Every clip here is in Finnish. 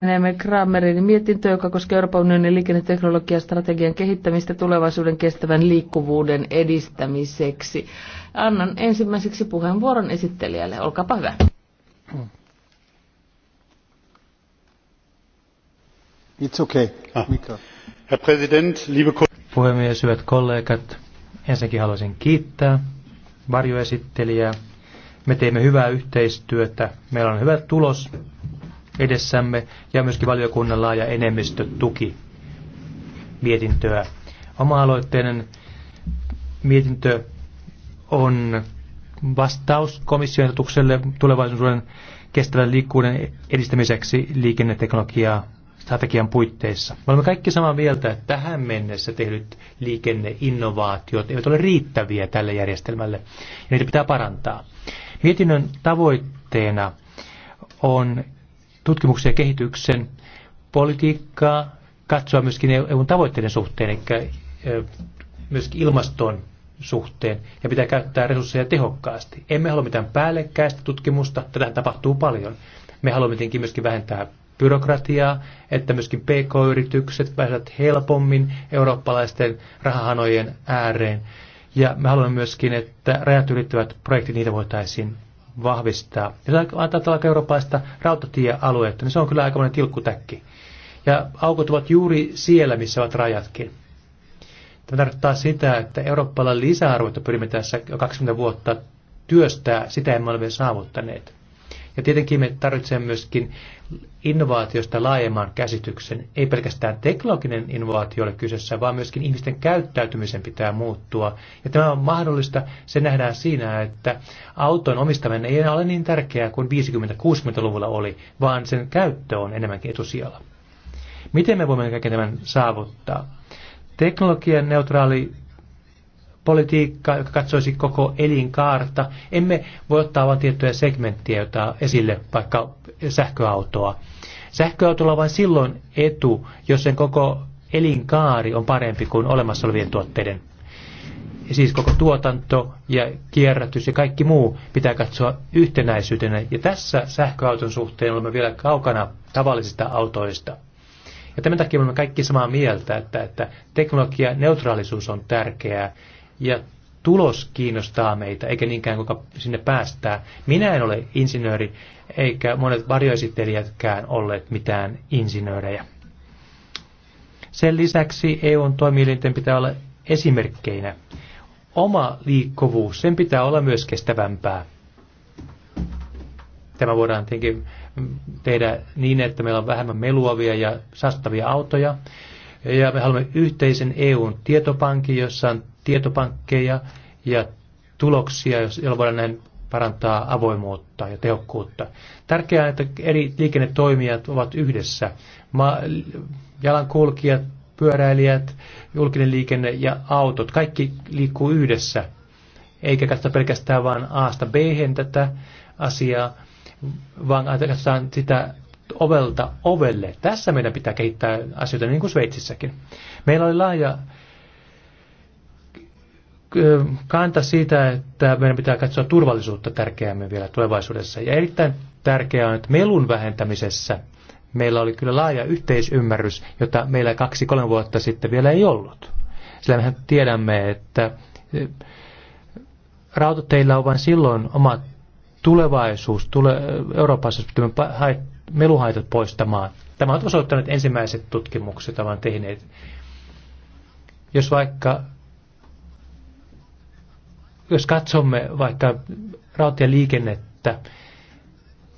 Näemme Kramerin mietintöön, joka koskee Euroopan unionin liikenneteknologiastrategian kehittämistä tulevaisuuden kestävän liikkuvuuden edistämiseksi. Annan ensimmäiseksi puheenvuoron esittelijälle. Olkaapa hyvä. It's okay. Ah. Herr President, liebe Puhemies, hyvät kollegat, ensinnäkin haluaisin kiittää varjoesittelijää. Me teemme hyvää yhteistyötä. Meillä on hyvä tulos edessämme ja myöskin valiokunnan laaja enemmistö tuki mietintöä. Oma-aloitteinen mietintö on vastaus komission ehdotukselle tulevaisuuden kestävän liikkuuden edistämiseksi liikenneteknologiaa strategian puitteissa. Me olemme kaikki samaa mieltä, että tähän mennessä tehdyt liikenneinnovaatiot eivät ole riittäviä tälle järjestelmälle ja niitä pitää parantaa. Mietinnön tavoitteena on tutkimuksen ja kehityksen politiikkaa, katsoa myöskin EUn tavoitteiden suhteen, eli myöskin ilmaston suhteen, ja pitää käyttää resursseja tehokkaasti. Emme halua mitään päällekkäistä tutkimusta, tätä tapahtuu paljon. Me haluamme tietenkin myöskin vähentää byrokratiaa, että myöskin PK-yritykset pääsevät helpommin eurooppalaisten rahahanojen ääreen. Ja me haluamme myöskin, että rajat ylittävät projektit, niitä voitaisiin vahvistaa. Jos ajatellaan tällä eurooppalaista rautatiealuetta, niin se on kyllä monen tilkkutäkki. Ja aukot ovat juuri siellä, missä ovat rajatkin. Tämä tarkoittaa sitä, että Euroopalla lisäarvoita pyrimme tässä jo 20 vuotta työstää, sitä emme ole vielä saavuttaneet. Ja tietenkin me tarvitsemme myöskin innovaatiosta laajemman käsityksen. Ei pelkästään teknologinen innovaatio ole kyseessä, vaan myöskin ihmisten käyttäytymisen pitää muuttua. Ja tämä on mahdollista, se nähdään siinä, että auton omistaminen ei enää ole niin tärkeää kuin 50-60-luvulla oli, vaan sen käyttö on enemmänkin etusijalla. Miten me voimme kaiken tämän saavuttaa? Teknologian neutraali politiikkaa, joka katsoisi koko elinkaarta. Emme voi ottaa vain tiettyjä segmenttiä jota esille, vaikka sähköautoa. Sähköautolla on vain silloin etu, jos sen koko elinkaari on parempi kuin olemassa olevien tuotteiden. Ja siis koko tuotanto ja kierrätys ja kaikki muu pitää katsoa yhtenäisyytenä. Ja tässä sähköauton suhteen olemme vielä kaukana tavallisista autoista. Ja tämän takia olemme kaikki samaa mieltä, että, että teknologia neutraalisuus on tärkeää ja tulos kiinnostaa meitä, eikä niinkään kuka sinne päästään. Minä en ole insinööri, eikä monet varjoesittelijätkään olleet mitään insinöörejä. Sen lisäksi EUn toimielinten pitää olla esimerkkeinä. Oma liikkuvuus, sen pitää olla myös kestävämpää. Tämä voidaan tietenkin tehdä niin, että meillä on vähemmän meluavia ja sastavia autoja. Ja me haluamme yhteisen EUn tietopankin, jossa on tietopankkeja ja tuloksia, joilla voidaan näin parantaa avoimuutta ja tehokkuutta. Tärkeää on, että eri liikennetoimijat ovat yhdessä. Ma- jalankulkijat, pyöräilijät, julkinen liikenne ja autot, kaikki liikkuu yhdessä. Eikä katsota pelkästään vain A-sta b tätä asiaa, vaan katsotaan sitä ovelta ovelle. Tässä meidän pitää kehittää asioita niin kuin Sveitsissäkin. Meillä oli laaja kanta siitä, että meidän pitää katsoa turvallisuutta tärkeämmin vielä tulevaisuudessa. Ja erittäin tärkeää on, että melun vähentämisessä meillä oli kyllä laaja yhteisymmärrys, jota meillä kaksi-kolme vuotta sitten vielä ei ollut. Sillä mehän tiedämme, että rautateillä on vain silloin oma tulevaisuus tule, Euroopassa, jos pystymme meluhaitat poistamaan. Tämä on osoittanut ensimmäiset tutkimukset, ovat tehneet. Jos vaikka jos katsomme vaikka rautatieliikennettä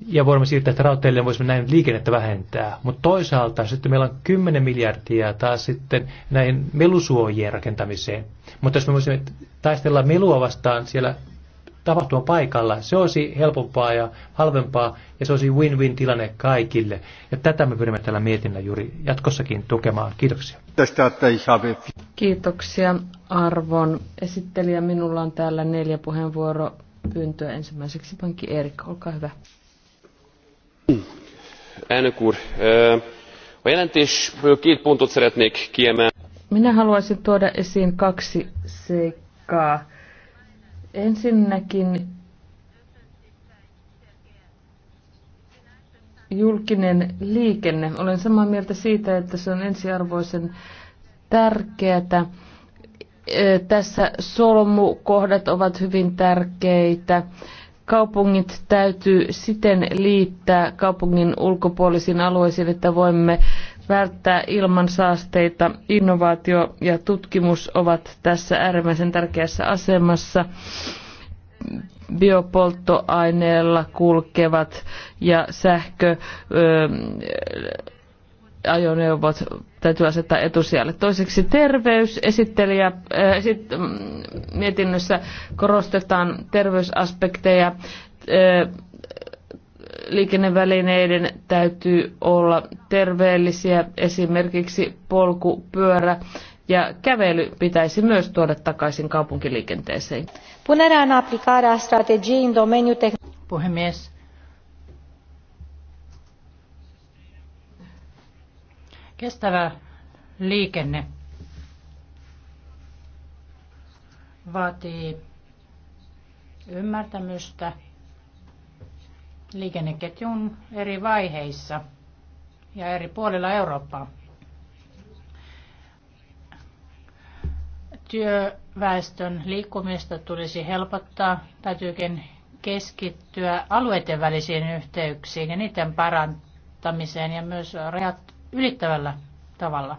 ja voimme siirtää, että rautateille voisimme näin liikennettä vähentää, mutta toisaalta sitten meillä on 10 miljardia taas sitten näin melusuojien rakentamiseen. Mutta jos me voisimme taistella melua vastaan siellä tapahtuma paikalla. Se olisi helpompaa ja halvempaa ja se olisi win-win tilanne kaikille. Ja tätä me pyrimme tällä mietinnä juuri jatkossakin tukemaan. Kiitoksia. Kiitoksia arvon esittelijä. Minulla on täällä neljä puheenvuoro pyyntöä ensimmäiseksi. Pankki Erik, olkaa hyvä. Elnök Minä haluaisin tuoda esiin kaksi seikkaa Ensinnäkin julkinen liikenne. Olen samaa mieltä siitä, että se on ensiarvoisen tärkeää. Tässä solmukohdat ovat hyvin tärkeitä. Kaupungit täytyy siten liittää kaupungin ulkopuolisiin alueisiin, että voimme välttää ilmansaasteita. Innovaatio ja tutkimus ovat tässä äärimmäisen tärkeässä asemassa biopolttoaineella kulkevat ja sähkö ajoneuvot täytyy asettaa etusijalle. Toiseksi terveys. Esittelijä, esit, mm, mietinnössä korostetaan terveysaspekteja liikennevälineiden täytyy olla terveellisiä, esimerkiksi polku, pyörä ja kävely pitäisi myös tuoda takaisin kaupunkiliikenteeseen. Puhemies. Kestävä liikenne vaatii ymmärtämystä liikenneketjun eri vaiheissa ja eri puolilla Eurooppaa. Työväestön liikkumista tulisi helpottaa. Täytyykin keskittyä alueiden välisiin yhteyksiin ja niiden parantamiseen ja myös rajat ylittävällä tavalla.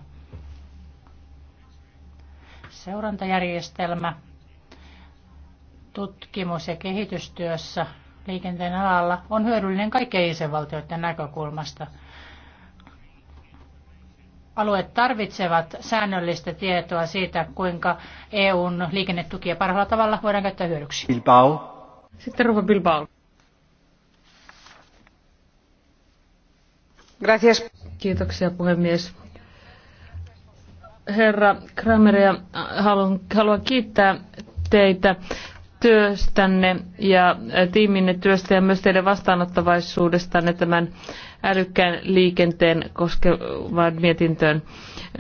Seurantajärjestelmä tutkimus- ja kehitystyössä liikenteen alalla on hyödyllinen kaikkien jäsenvaltioiden näkökulmasta. Alueet tarvitsevat säännöllistä tietoa siitä, kuinka EUn liikennetukia parhaalla tavalla voidaan käyttää hyödyksi. Bilbao. Sitten Ruva Bilbao. Gracias. Kiitoksia puhemies herra Krameria, haluan, haluan kiittää teitä työstänne ja äh, tiiminne työstä ja myös teidän vastaanottavaisuudestanne tämän älykkään liikenteen koskevaan mietintöön.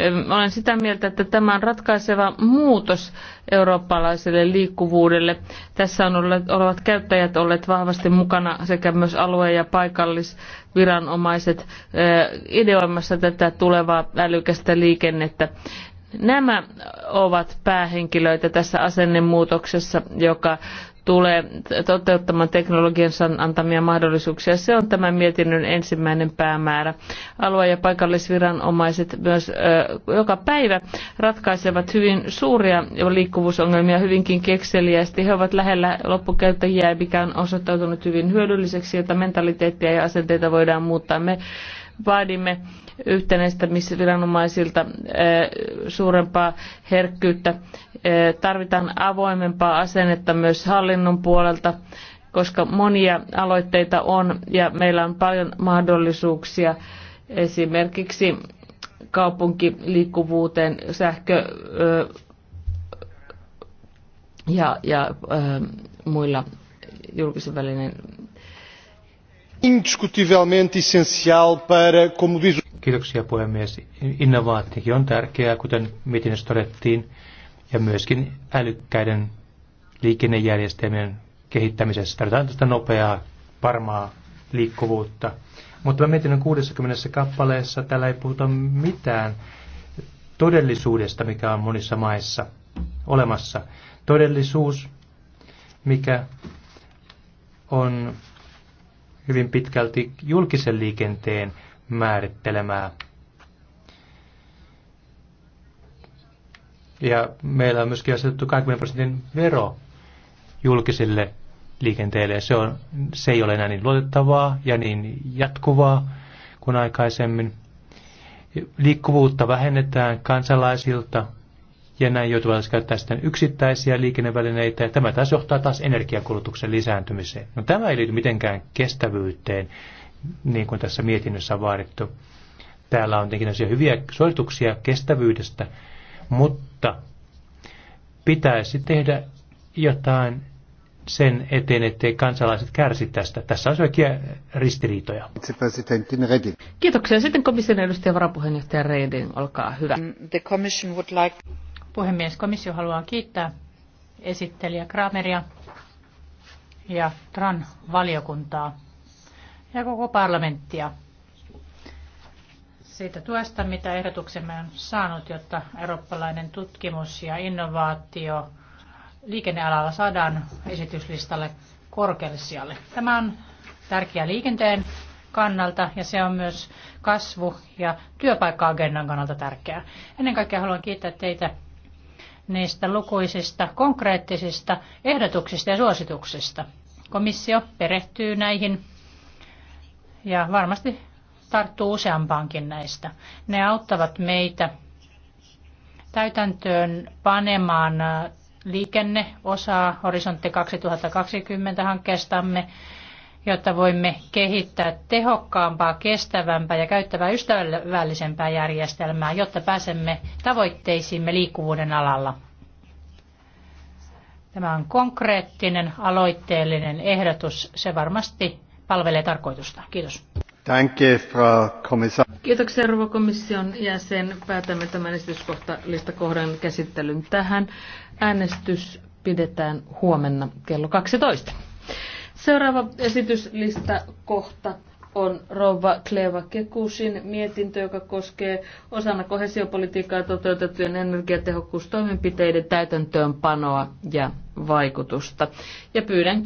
Ähm, olen sitä mieltä, että tämä on ratkaiseva muutos eurooppalaiselle liikkuvuudelle. Tässä on olleet, olevat käyttäjät olleet vahvasti mukana sekä myös alue- ja paikallisviranomaiset äh, ideoimassa tätä tulevaa älykästä liikennettä. Nämä ovat päähenkilöitä tässä asennemuutoksessa, joka tulee toteuttamaan teknologian antamia mahdollisuuksia. Se on tämän mietinnön ensimmäinen päämäärä. Alue- ja paikallisviranomaiset myös joka päivä ratkaisevat hyvin suuria liikkuvuusongelmia hyvinkin kekseliästi. He ovat lähellä loppukäyttäjiä, mikä on osoittautunut hyvin hyödylliseksi, jota mentaliteettia ja asenteita voidaan muuttaa. Me vaadimme yhtenäistämisviranomaisilta eh, suurempaa herkkyyttä. Eh, tarvitaan avoimempaa asennetta myös hallinnon puolelta, koska monia aloitteita on ja meillä on paljon mahdollisuuksia esimerkiksi kaupunkiliikkuvuuteen, sähkö eh, ja, ja äh, muilla julkisen välinen indiscutivelmente essencial para, como diz Kiitoksia puhemies. Innovaatiokin on tärkeää, kuten mietinnössä todettiin, ja myöskin älykkäiden liikennejärjestelmien kehittämisessä. Tarvitaan tästä nopeaa, varmaa liikkuvuutta. Mutta mä mietin, 60 kappaleessa täällä ei puhuta mitään todellisuudesta, mikä on monissa maissa olemassa. Todellisuus, mikä on hyvin pitkälti julkisen liikenteen määrittelemää. Ja meillä on myöskin asetettu 20 prosentin vero julkisille liikenteelle. Se, on, se ei ole enää niin luotettavaa ja niin jatkuvaa kuin aikaisemmin. Liikkuvuutta vähennetään kansalaisilta ja näin joutuvat käyttää sitten yksittäisiä liikennevälineitä. Ja tämä taas johtaa taas energiakulutuksen lisääntymiseen. No, tämä ei liity mitenkään kestävyyteen niin kuin tässä mietinnössä on vaadittu. Täällä on tietenkin hyviä suosituksia kestävyydestä, mutta pitäisi tehdä jotain sen eteen, ettei kansalaiset kärsi tästä. Tässä on oikea ristiriitoja. Kiitoksia. Sitten komission edustaja varapuheenjohtaja Reding, olkaa hyvä. Mm, the commission would like... Puhemies, komissio haluaa kiittää esittelijä Krameria ja TRAN-valiokuntaa ja koko parlamenttia siitä tuesta, mitä ehdotuksemme on saanut, jotta eurooppalainen tutkimus ja innovaatio liikennealalla saadaan esityslistalle korkealle sijalle. Tämä on tärkeä liikenteen kannalta ja se on myös kasvu- ja työpaikka-agendan kannalta tärkeää. Ennen kaikkea haluan kiittää teitä niistä lukuisista konkreettisista ehdotuksista ja suosituksista. Komissio perehtyy näihin ja varmasti tarttuu useampaankin näistä. Ne auttavat meitä täytäntöön panemaan liikenneosaa Horisontti 2020 hankkeestamme, jotta voimme kehittää tehokkaampaa, kestävämpää ja käyttävää ystävällisempää järjestelmää, jotta pääsemme tavoitteisiimme liikkuvuuden alalla. Tämä on konkreettinen, aloitteellinen ehdotus. Se varmasti palvelee tarkoitusta. Kiitos. Danke, Frau Kiitoksia, rouva komission jäsen. Päätämme tämän esityskohta listakohdan käsittelyn tähän. Äänestys pidetään huomenna kello 12. Seuraava esityslistakohta on rouva Kleva Kekusin mietintö, joka koskee osana kohesiopolitiikkaa toteutettujen energiatehokkuustoimenpiteiden täytäntöönpanoa ja vaikutusta. Ja pyydänkin